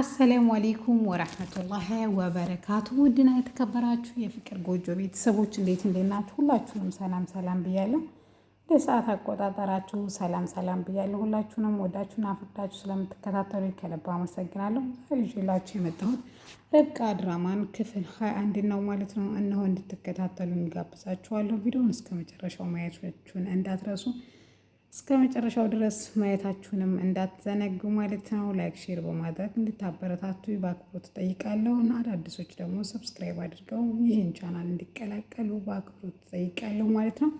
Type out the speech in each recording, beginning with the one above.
አሰላሙ አሌይኩም ወረህመቱላሂ ወበረካቱ። ውድና የተከበራችሁ የፍቅር ጎጆ ቤተሰቦች እንዴት እንዴት ናችሁ? ሁላችሁንም ሰላም ሰላም ብያለሁ። እንደ ሰዓት አቆጣጠራችሁ ሰላም ሰላም ብያለሁ። ሁላችሁንም ወዳችሁና አፍቅዳችሁ ስለምትከታተሉ ከልብ አመሰግናለሁ። ዛሬ ይዤላችሁ የመጣሁት ርብቃ ድራማን ክፍል ሀያ አንድ ነው ማለት ነው። እነሆ እንድትከታተሉ እንጋብዛችኋለሁ። ቪዲዮውን እስከ መጨረሻው ማየታችሁን እንዳትረሱ። እስከ መጨረሻው ድረስ ማየታችሁንም እንዳትዘነጉ ማለት ነው። ላይክ ሼር በማድረግ እንድታበረታቱ በአክብሮት ጠይቃለሁ እና አዳዲሶች ደግሞ ሰብስክራይብ አድርገው ይህን ቻናል እንዲቀላቀሉ በአክብሮት ጠይቃለሁ ማለት ነው።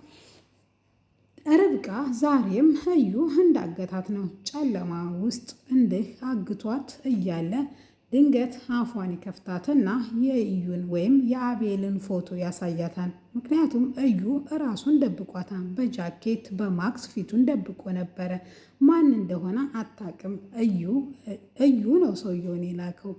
ርብቃ ዛሬም ሀዩ እንዳገታት ነው ጨለማ ውስጥ እንድህ አግቷት እያለ ድንገት አፏን ይከፍታትና የእዩን ወይም የአቤልን ፎቶ ያሳያታል። ምክንያቱም እዩ እራሱን ደብቋታል። በጃኬት በማክስ ፊቱን ደብቆ ነበረ። ማን እንደሆነ አታቅም። እዩ እዩ ነው ሰውየውን የላከው።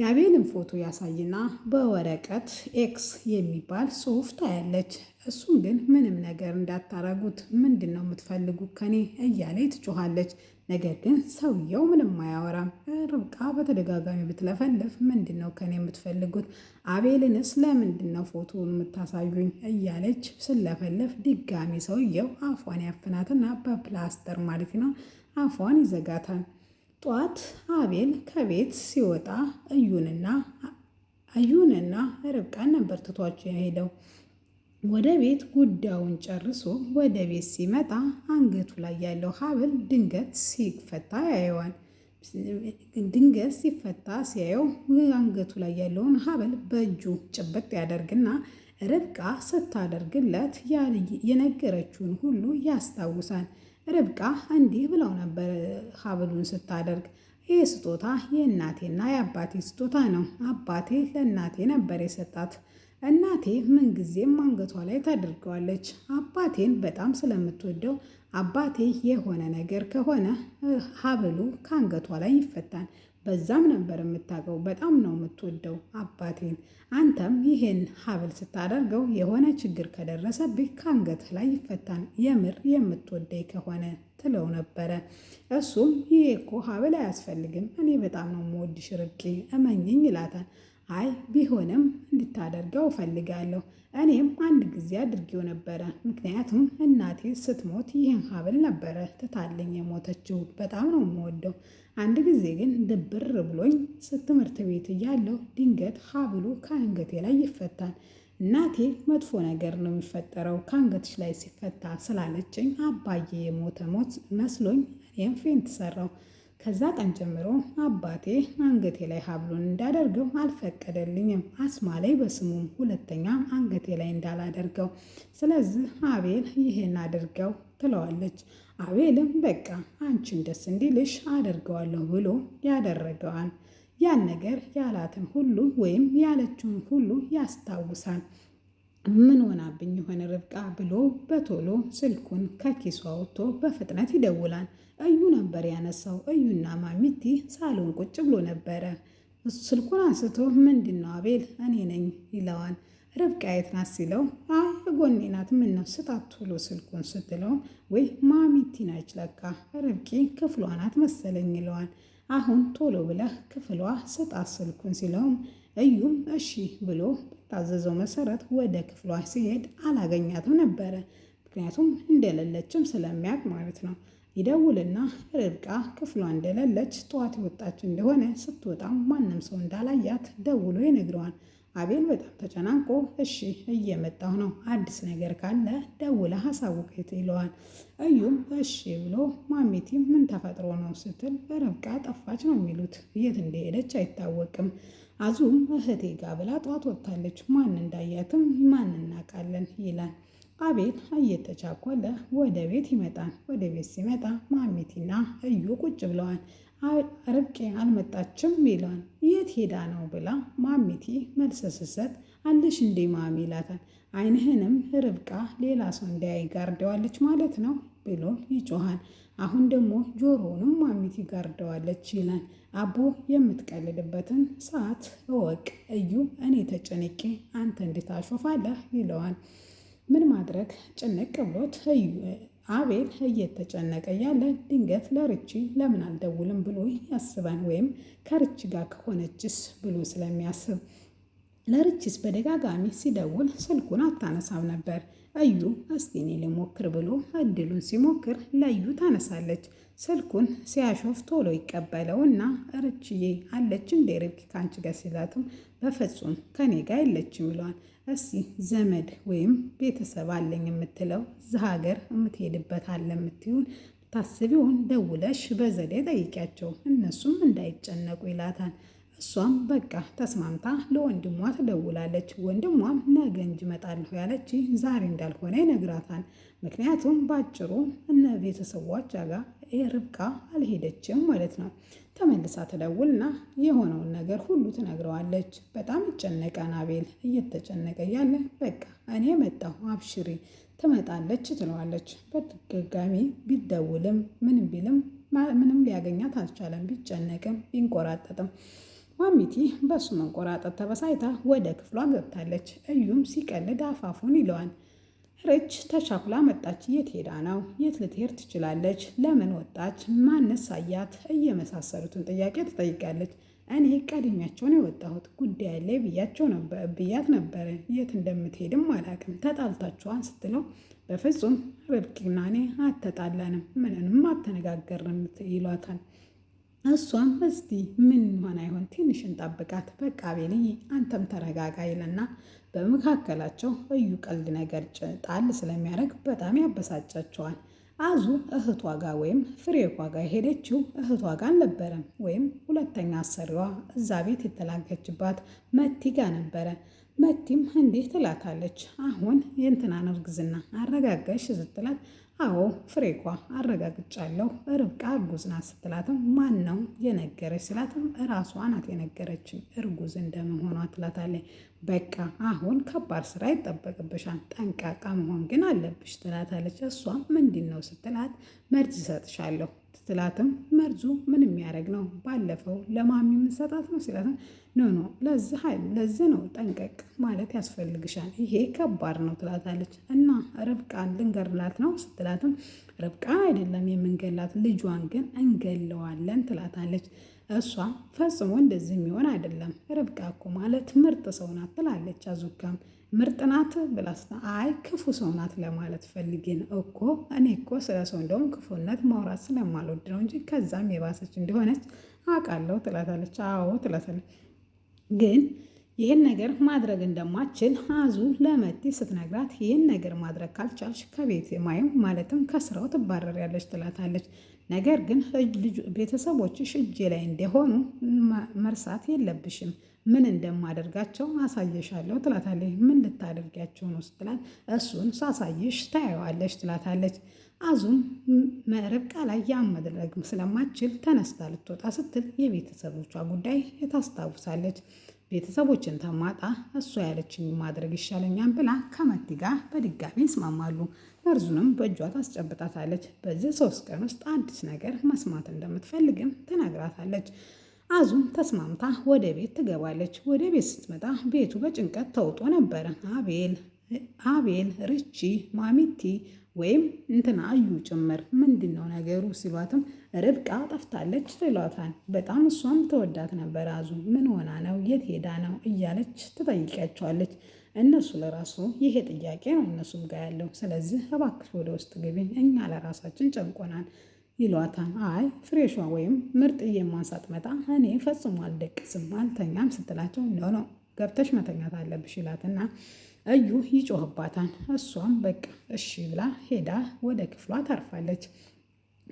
የአቤልን ፎቶ ያሳይና በወረቀት ኤክስ የሚባል ጽሑፍ ታያለች። እሱም ግን ምንም ነገር እንዳታረጉት ምንድን ነው የምትፈልጉት ከኔ እያለ ትጮኻለች። ነገር ግን ሰውየው ምንም አያወራም። ርብቃ በተደጋጋሚ ብትለፈልፍ ምንድን ነው ከኔ የምትፈልጉት? አቤልንስ ለምንድን ነው ፎቶውን የምታሳዩኝ? እያለች ስለፈለፍ ድጋሚ ሰውየው አፏን ያፍናትና በፕላስተር ማለት ነው አፏን ይዘጋታል። ጧት አቤል ከቤት ሲወጣ እዩንና እዩንና ርብቃን ነበር ትቷቸው የሄደው። ወደ ቤት ጉዳዩን ጨርሶ ወደ ቤት ሲመጣ አንገቱ ላይ ያለው ሀብል ድንገት ሲፈታ ያየዋል። ድንገት ሲፈታ ሲያየው አንገቱ ላይ ያለውን ሐብል በእጁ ጭብጥ ያደርግና ርብቃ ስታደርግለት የነገረችውን ሁሉ ያስታውሳል። ርብቃ እንዲህ ብለው ነበር ሀብሉን ስታደርግ ይህ ስጦታ የእናቴና የአባቴ ስጦታ ነው። አባቴ ለእናቴ ነበር የሰጣት። እናቴ ምንጊዜም አንገቷ ላይ ታደርገዋለች። አባቴን በጣም ስለምትወደው አባቴ የሆነ ነገር ከሆነ ሀብሉ ከአንገቷ ላይ ይፈታል። በዛም ነበር የምታውቀው። በጣም ነው የምትወደው አባቴን። አንተም ይህን ሀብል ስታደርገው የሆነ ችግር ከደረሰብህ ከአንገትህ ላይ ይፈታል፣ የምር የምትወደኝ ከሆነ ትለው ነበረ። እሱም ይህ እኮ ሀብል አያስፈልግም፣ እኔ በጣም ነው የምወድሽ ርቄ እመኝኝ ይላታል። አይ ቢሆንም እንድታደርገው እፈልጋለሁ። እኔም አንድ ጊዜ አድርጌው ነበረ። ምክንያቱም እናቴ ስትሞት ይህን ሀብል ነበረ ትታልኝ የሞተችው። በጣም ነው የምወደው አንድ ጊዜ ግን ድብር ብሎኝ ስትምህርት ቤት እያለሁ ድንገት ሀብሉ ከአንገቴ ላይ ይፈታል። እናቴ መጥፎ ነገር ነው የሚፈጠረው ከአንገትሽ ላይ ሲፈታ ስላለችኝ አባዬ የሞተ ሞት መስሎኝ እኔም ፌንት ሰራው። ከዛ ቀን ጀምሮ አባቴ አንገቴ ላይ ሀብሉን እንዳደርገው አልፈቀደልኝም። አስማ ላይ በስሙም ሁለተኛ አንገቴ ላይ እንዳላደርገው። ስለዚህ አቤል ይሄን አድርገው ትለዋለች። አቤልም በቃ አንቺን ደስ እንዲልሽ አደርገዋለሁ ብሎ ያደረገዋል። ያን ነገር ያላትን ሁሉ ወይም ያለችውን ሁሉ ያስታውሳል። ምን ሆናብኝ የሆነ ርብቃ ብሎ በቶሎ ስልኩን ከኪሱ አውጥቶ በፍጥነት ይደውላል። እዩ ነበር ያነሳው። እዩና ማሚቲ ሳሎን ቁጭ ብሎ ነበረ። ስልኩን አንስቶ ምንድን ነው አቤል? እኔ ነኝ ይለዋል። ርብቃ የት ናት ሲለው አይ ጎኔ ናት። ምን ነው ስጣት ቶሎ ስልኩን ስትለው ወይ ማሚቲ ናች ለካ ርብቂ ክፍሏ ናት መሰለኝ ይለዋል። አሁን ቶሎ ብለህ ክፍሏ ስጣት ስልኩን ሲለውም እዩም እሺ ብሎ በታዘዘው መሰረት ወደ ክፍሏ ሲሄድ አላገኛትም ነበረ። ምክንያቱም እንደሌለችም ስለሚያውቅ ማለት ነው። ይደውልና ርብቃ ክፍሏ እንደሌለች ጠዋት የወጣች እንደሆነ ስትወጣም ማንም ሰው እንዳላያት ደውሎ ይነግረዋል። አቤል በጣም ተጨናንቆ እሺ እየመጣሁ ነው፣ አዲስ ነገር ካለ ደውለ አሳውቂኝ ይለዋል። እዩም እሺ ብሎ ማሚቲ ምን ተፈጥሮ ነው ስትል ርብቃ ጠፋች ነው የሚሉት። የት እንደሄደች አይታወቅም። አዙም እህቴ ጋ ብላ ጧት ወጥታለች፣ ማን እንዳያትም ማን እናውቃለን ይላል። አቤል እየተቻኮለ ወደ ቤት ይመጣል። ወደ ቤት ሲመጣ ማሚቲና እዩ ቁጭ ብለዋል። ርቄ አልመጣችም ይለዋል። የት ሄዳ ነው ብላ ማሚቲ መልስ ስትሰጥ አለሽ እንዴ ማሚ ይላታል። አይንህንም ርብቃ ሌላ ሰው እንዳያይ ጋርደዋለች ማለት ነው ብሎ ይጮሃል። አሁን ደግሞ ጆሮውንም ማሚት ይጋርደዋለች ይላል። አቦ የምትቀልድበትን ሰዓት እወቅ እዩ፣ እኔ ተጨንቄ አንተ እንድታሾፋለህ ይለዋል። ምን ማድረግ ጭንቅ ብሎት አቤል እየተጨነቀ ያለ ድንገት ለርቺ ለምን አልደውልም ብሎ ያስባል። ወይም ከርቺ ጋር ከሆነችስ ብሎ ስለሚያስብ ለርቺስ በደጋጋሚ ሲደውል ስልኩን አታነሳም ነበር። አዩ እስቲ እኔ ልሞክር ብሎ እድሉን ሲሞክር ለዩ ታነሳለች። ስልኩን ሲያሾፍ ቶሎ ይቀበለውና ርችዬ አለች እንደ ርብቃ ከአንቺ ጋር ሲላትም በፍጹም ከኔ ጋር የለችም ይለዋል። እስቲ ዘመድ ወይም ቤተሰብ አለኝ የምትለው እዚህ ሀገር የምትሄድበት አለ የምትሆን ታስቢውን ደውለሽ በዘዴ ጠይቂያቸው እነሱም እንዳይጨነቁ ይላታል። እሷም በቃ ተስማምታ ለወንድሟ ትደውላለች። ወንድሟም ነገ እንጂ እመጣለሁ ያለች ዛሬ እንዳልሆነ ይነግራታል። ምክንያቱም ባጭሩ እነ ቤተሰቦች ጋር ርብቃ አልሄደችም ማለት ነው። ተመልሳ ትደውልና የሆነውን ነገር ሁሉ ትነግረዋለች። በጣም ጨነቀ ናቤል እየተጨነቀ ያለ በቃ እኔ መጣሁ አብሽሪ ትመጣለች ትለዋለች። በድጋሚ ቢደውልም ምንም ቢልም ምንም ሊያገኛት አልቻለም። ቢጨነቅም ቢንቆራጠጥም ማሚቲ በሱ መንቆራጠጥ ተበሳይታ ወደ ክፍሏ ገብታለች። እዩም ሲቀልድ አፋፉን ይለዋል። ርች ተሻኩላ መጣች። የት ሄዳ ነው? የት ልትሄድ ትችላለች? ለምን ወጣች? ማነሳያት ሳያት? እየመሳሰሉትን ጥያቄ ትጠይቃለች። እኔ ቀድሚያቸውን የወጣሁት ጉዳይ ላይ ብያቸው ብያት ነበረ። የት እንደምትሄድም አላውቅም። ተጣልታችኋን ስትለው በፍጹም ርብቃና እኔ አተጣላንም፣ ምንንም አተነጋገርንም ይሏታል። እሷም እስቲ ምን ሆን አይሆን ትንሽ እንጠብቃት፣ በቃ አንተም ተረጋጋ ይልና በመካከላቸው እዩ ቀልድ ነገር ጣል ስለሚያደርግ በጣም ያበሳጫቸዋል። አዙ እህቷ ጋር ወይም ፍሬኳ ጋር ሄደችው እህቷ ጋር አልነበረም፣ ወይም ሁለተኛ አሰሪዋ እዛ ቤት የተላከችባት መቲ ጋር ነበረ። መቲም እንዲህ ትላታለች፣ አሁን የእንትናን እርግዝና አረጋጋሽ ስትላት አዎ ፍሬኳ አረጋግጫለሁ ርብቃ እርጉዝ ናት ስትላትም ማን ነው የነገረች ስላትም እራሷ ናት የነገረችኝ እርጉዝ እንደመሆኗ ትላታለች በቃ አሁን ከባድ ስራ ይጠበቅብሻል፣ ጠንቃቃ መሆን ግን አለብሽ ትላታለች። እሷም ምንድን ነው ስትላት መርዝ ይሰጥሻለሁ ትላትም መርዙ ምን የሚያደርግ ነው? ባለፈው ለማሚ የምንሰጣት ነው ሲላትም ኖ ኖ፣ ለዚህ ነው ጠንቀቅ ማለት ያስፈልግሻል፣ ይሄ ከባድ ነው ትላታለች። እና ርብቃን ልንገርላት ነው ስትላትም ርብቃን አይደለም የምንገላት ልጇን ግን እንገለዋለን ትላታለች። እሷ ፈጽሞ እንደዚህ የሚሆን አይደለም፣ ርብቃ እኮ ማለት ምርጥ ሰው ናት ትላለች። አዙጋም ምርጥ ናት ብላስታ አይ ክፉ ሰው ናት ለማለት ፈልጌ እኮ እኔ እኮ ስለ ሰው እንደውም ክፉነት ማውራት ስለማልወድ ነው እንጂ ከዛም የባሰች እንደሆነች አውቃለሁ ትላታለች። አዎ ትላታለች ግን ይህን ነገር ማድረግ እንደማችል አዙ ለመቲ ስትነግራት ይህን ነገር ማድረግ ካልቻልሽ ከቤት ማየም ማለትም ከስራው ትባረሪያለች ትላታለች። ነገር ግን ቤተሰቦችሽ እጄ ላይ እንደሆኑ መርሳት የለብሽም። ምን እንደማደርጋቸው አሳየሻለሁ ትላታለች። ምን ልታደርጊያቸው ነው ስትላት፣ እሱን ሳሳይሽ ታየዋለች ትላታለች። አዙም ርብቃ ላይ ያን መድረግ ስለማችል ተነስታ ልትወጣ ስትል የቤተሰቦቿ ጉዳይ ታስታውሳለች። ቤተሰቦችን ተማጣ እሷ ያለችን ማድረግ ይሻለኛል ብላ ከመቲ ጋር በድጋሚ ይስማማሉ። መርዙንም በእጇ ታስጨብጣታለች። በዚህ ሶስት ቀን ውስጥ አዲስ ነገር መስማት እንደምትፈልግም ትነግራታለች። አዙም ተስማምታ ወደ ቤት ትገባለች። ወደ ቤት ስትመጣ ቤቱ በጭንቀት ተውጦ ነበረ። አቤል አቤል፣ ርቺ፣ ማሚቲ ወይም እንትና አዩ ጭምር ምንድን ነው ነገሩ ሲሏትም ርብቃ ጠፍታለች ትሏታል። በጣም እሷም ተወዳት ነበር። አዙ ምን ሆና ነው? የት ሄዳ ነው? እያለች ትጠይቃቸዋለች። እነሱ ለራሱ ይሄ ጥያቄ ነው እነሱም ጋር ያለው። ስለዚህ እባክሽ ወደ ውስጥ ግቢ፣ እኛ ለራሳችን ጨንቆናል ይሏታል። አይ ፍሬሿ ወይም ምርጥ የማንሳት መጣ እኔ ፈጽሞ አልደቅስም አልተኛም ስትላቸው ነው ነው ገብተሽ መተኛት አለብሽ ይላትና እዩ ይጮህባታል። እሷም በቃ እሺ ብላ ሄዳ ወደ ክፍሏ ታርፋለች።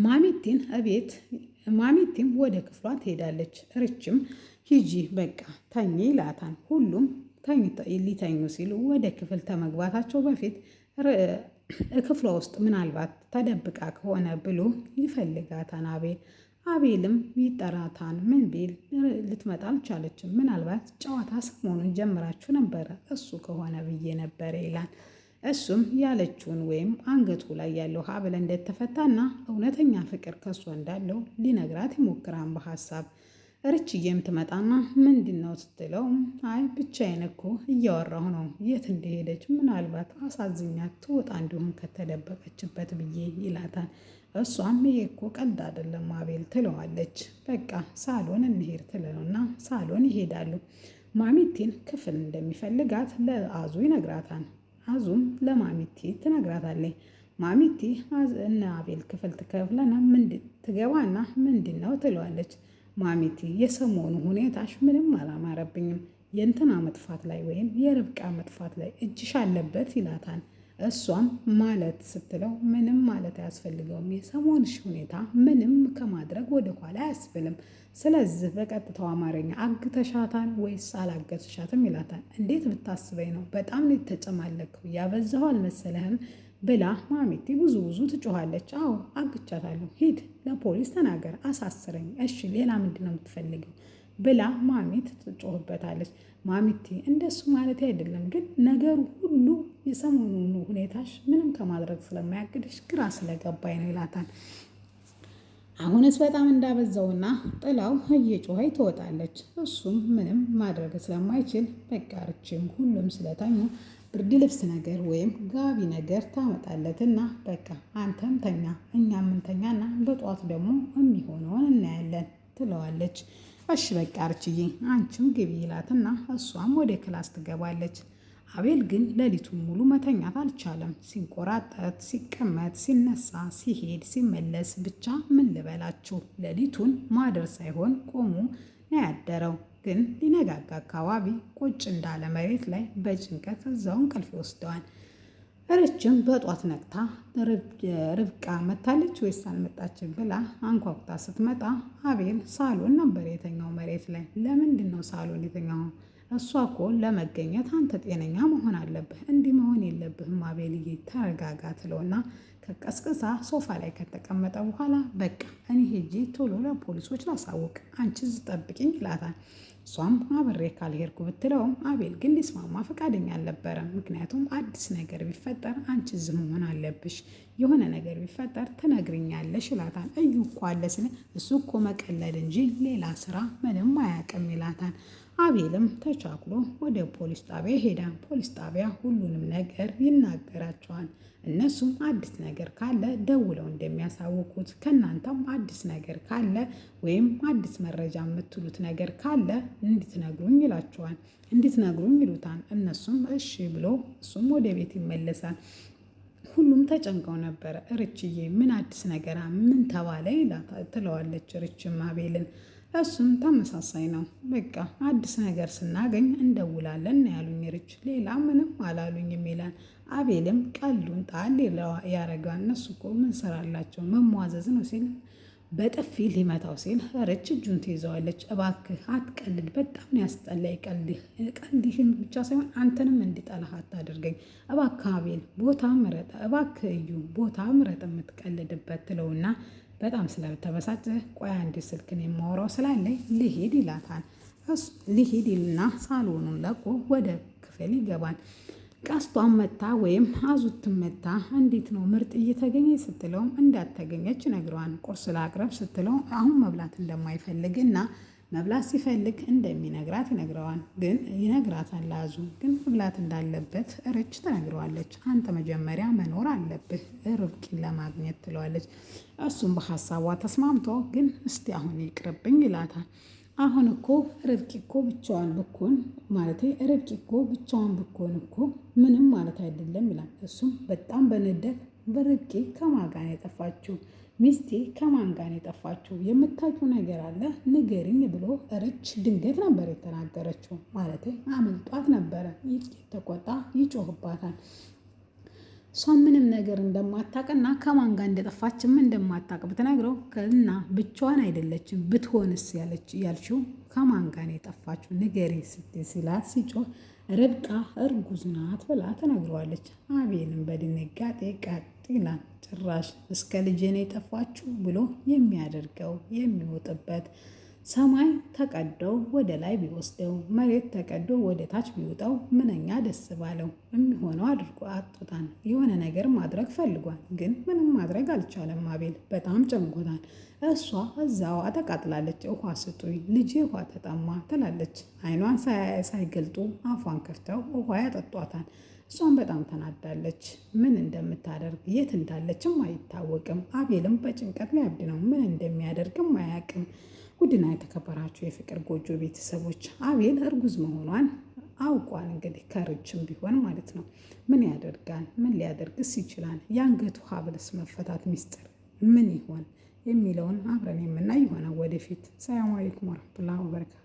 ማሚቲን እቤት ማሚቲም ወደ ክፍሏ ትሄዳለች። ርችም ሂጂ በቃ ተኚ ይላታል። ሁሉም ሊተኙ ሲሉ ወደ ክፍል ከመግባታቸው በፊት ክፍሏ ውስጥ ምናልባት ተደብቃ ከሆነ ብሎ ይፈልጋታን አቤል አቤልም ይጠራታን ምን ቢል ልትመጣ አልቻለችም። ምናልባት ጨዋታ ሰሞኑን ጀምራችሁ ነበረ እሱ ከሆነ ብዬ ነበረ ይላል። እሱም ያለችውን ወይም አንገቱ ላይ ያለው ሀብል እንደተፈታና እውነተኛ ፍቅር ከሷ እንዳለው ሊነግራት ይሞክራን በሀሳብ ርችዬም ትመጣና ምንድን ነው ስትለው፣ አይ ብቻዬን እኮ እያወራሁ ነው፣ የት እንደሄደች ምናልባት አሳዝኛት ትወጣ እንዲሁም ከተደበቀችበት ብዬ ይላታል። እሷም ይሄ እኮ ቀልድ አይደለም አቤል ትለዋለች። በቃ ሳሎን እንሄድ ትለውና ሳሎን ይሄዳሉ። ማሚቴን ክፍል እንደሚፈልጋት ለአዙ ይነግራታል። አዙም ለማሚቴ ትነግራታለች። ማሚቴ እነ አቤል ክፍል ትከፍለና ትገባና ምንድን ነው ትለዋለች። ማሚቴ የሰሞኑ ሁኔታሽ ምንም አላማረብኝም። የእንትና መጥፋት ላይ ወይም የርብቃ መጥፋት ላይ እጅሽ አለበት ይላታል። እሷም ማለት ስትለው ምንም ማለት አያስፈልገውም። የሰሞንሽ ሁኔታ ምንም ከማድረግ ወደ ኋላ አያስብልም። ስለዚህ በቀጥታው አማርኛ አግተሻታን ወይስ አላገተሻትም ይላታል። እንዴት ብታስበኝ ነው? በጣም ነው የተጨማለቅኩ። ያበዛሁ አልመሰለህም? ብላ ማሚቴ ብዙ ብዙ ትጮኋለች። አዎ አግቻታለሁ፣ ሂድ ለፖሊስ ተናገር፣ አሳስረኝ። እሺ ሌላ ምንድን ነው የምትፈልገው? ብላ ማሚት ትጮህበታለች። ማሚቴ እንደሱ ማለት አይደለም ግን ነገሩ ሁሉ የሰሞኑኑ ሁኔታሽ ምንም ከማድረግ ስለማያግድሽ ግራ ስለገባኝ ነው ይላታል። አሁንስ በጣም እንዳበዛውና ጥላው እየጮኸች ትወጣለች። እሱም ምንም ማድረግ ስለማይችል በቃ ርቼም ሁሉም ስለተኙ ብርድ ልብስ ነገር ወይም ጋቢ ነገር ታመጣለት እና በቃ አንተም ተኛ እኛም እንተኛና በጠዋት ደግሞ የሚሆነውን እናያለን ትለዋለች። እሺ በቃ አርችዬ አንቺም ግቢ ይላትና እሷም ወደ ክላስ ትገባለች። አቤል ግን ሌሊቱን ሙሉ መተኛት አልቻለም። ሲንቆራጠት፣ ሲቀመጥ፣ ሲነሳ፣ ሲሄድ፣ ሲመለስ ብቻ ምን ልበላችሁ ሌሊቱን ማደር ሳይሆን ቆሙ ነው ያደረው። ግን ሊነጋጋ አካባቢ ቁጭ እንዳለ መሬት ላይ በጭንቀት እዛው እንቅልፍ ይወስደዋል። ረጅም በጧት ነቅታ ርብቃ መታለች ወይስ አልመጣችም ብላ አንኳኩታ ስትመጣ አቤል ሳሎን ነበር የተኛው መሬት ላይ። ለምንድን ነው ሳሎን የተኛው? እሷ እኮ ለመገኘት አንተ ጤነኛ መሆን አለብህ፣ እንዲህ መሆን የለብህም አቤልዬ፣ ተረጋጋ ትለውና ተቀስቅሳ ሶፋ ላይ ከተቀመጠ በኋላ በቃ እኔ ሄጄ ቶሎ ለፖሊሶች ላሳውቅ፣ አንቺ ዝጠብቅኝ ይላታል። እሷም አብሬ ካልሄድኩ ብትለውም አቤል ግን ሊስማማ ፈቃደኛ አልነበረም። ምክንያቱም አዲስ ነገር ቢፈጠር አንቺ እዚህ መሆን አለብሽ፣ የሆነ ነገር ቢፈጠር ትነግርኛለሽ ይላታል። እዩ እኮ አለ ስለ እሱ እኮ መቀለድ እንጂ ሌላ ስራ ምንም አያውቅም ይላታል። አቤልም ተቻኩሎ ወደ ፖሊስ ጣቢያ ይሄዳል። ፖሊስ ጣቢያ ሁሉንም ነገር ይናገራቸዋል። እነሱም አዲስ ነገር ካለ ደውለው እንደሚያሳውቁት ከእናንተም አዲስ ነገር ካለ ወይም አዲስ መረጃ የምትሉት ነገር ካለ እንድትነግሩኝ ይላቸዋል። እንድትነግሩኝ ይሉታል። እነሱም እሺ ብሎ እሱም ወደ ቤት ይመለሳል። ሁሉም ተጨንቀው ነበረ። ርችዬ ምን አዲስ ነገር ምን ተባለ? ትለዋለች ርችም አቤልን እሱም ተመሳሳይ ነው። በቃ አዲስ ነገር ስናገኝ እንደውላለን ያሉኝ ርች ሌላ ምንም አላሉኝም ይላል። አቤልም ቀሉን ጣል ያረጋ እነሱ እኮ ምን ሰራላቸው መሟዘዝ ነው ሲል በጥፊ ሊመታው ሲል ርች እጁን ትይዘዋለች። እባክህ አትቀልድ፣ በጣም ነው ቀልድህን ብቻ ሳይሆን አንተንም እንዲጠላህ አታደርገኝ እባክህ አቤል፣ ቦታ ምረጥ እባክህ እዩ፣ ቦታ ምረጥ የምትቀልድበት ትለውና በጣም ስለተበሳጨ ቆይ አንድ ስልክን የማወራው ስላለኝ ልሂድ ይላታል። ልሂድ ይልና ሳሎኑን ለቆ ወደ ክፍል ይገባል። ቀስቷን መታ ወይም አዙትን መታ እንዴት ነው ምርጥ እየተገኘ ስትለውም እንዳተገኘች ነግረዋል። ቁርስ ላቅረብ ስትለው አሁን መብላት እንደማይፈልግና መብላት ሲፈልግ እንደሚነግራት ይነግረዋል። ግን ይነግራታል ለአዙ ግን መብላት እንዳለበት ርች ትነግረዋለች። አንተ መጀመሪያ መኖር አለብህ ርብቂን ለማግኘት ትለዋለች። እሱም በሀሳቧ ተስማምቶ ግን እስቲ አሁን ይቅርብኝ ይላታል። አሁን እኮ ርብቂ እኮ ብቻዋን ብኮን ማለት ርብቂ እኮ ብቻዋን ብኮን እኮ ምንም ማለት አይደለም ይላል። እሱም በጣም በንደት ብርቄ ከማጋን ጋር የጠፋችው? ሚስቴ ከማን ጋር ነው የጠፋችው? የምታውቂው ነገር አለ ንገሪኝ ብሎ እርች ድንገት ነበር የተናገረችው። ማለት አመልጧት ነበረ። ተቆጣ፣ ይጮህባታል። እሷ ምንም ነገር እንደማታቅና ከማን ጋር እንደጠፋችም እንደማታቅ ብትነግረው እና ብቻዋን አይደለችም ብትሆንስ ያልችው ከማን ጋር ነው የጠፋችው ንገሪኝ ስትይ ሲላት ሲጮህ ርብቃ እርጉዝ ናት ብላ ተነግረዋለች። አቤልም በድንጋጤ ይላል ጭራሽ እስከ ልጄ ነው የጠፋችሁ ብሎ የሚያደርገው የሚወጥበት ሰማይ ተቀዶ ወደ ላይ ቢወስደው መሬት ተቀዶ ወደ ታች ቢውጠው ምንኛ ደስ ባለው። የሚሆነው አድርጎ አጥቶታል። የሆነ ነገር ማድረግ ፈልጓል፣ ግን ምንም ማድረግ አልቻለም። አቤል በጣም ጨንጎታል። እሷ እዛው አተቃጥላለች። ውሃ ስጡኝ ልጅ ውሃ ተጠማ ትላለች። አይኗን ሳይገልጡ አፏን ከፍተው ውሃ ያጠጧታል። እሷን በጣም ተናዳለች። ምን እንደምታደርግ የት እንዳለችም አይታወቅም። አቤልም በጭንቀት ሊያብድ ነው። ምን እንደሚያደርግም አያውቅም። ውድና የተከበራችሁ የፍቅር ጎጆ ቤተሰቦች አቤል እርጉዝ መሆኗን አውቋል። እንግዲህ ከርችም ቢሆን ማለት ነው። ምን ያደርጋል? ምን ሊያደርግስ ይችላል? የአንገቱ ሀብልስ መፈታት ሚስጥር ምን ይሆን የሚለውን አብረን የምናይ ይሆናል ወደፊት። ሰላም አለይኩም ወረሕመቱላሂ ወበረካቱህ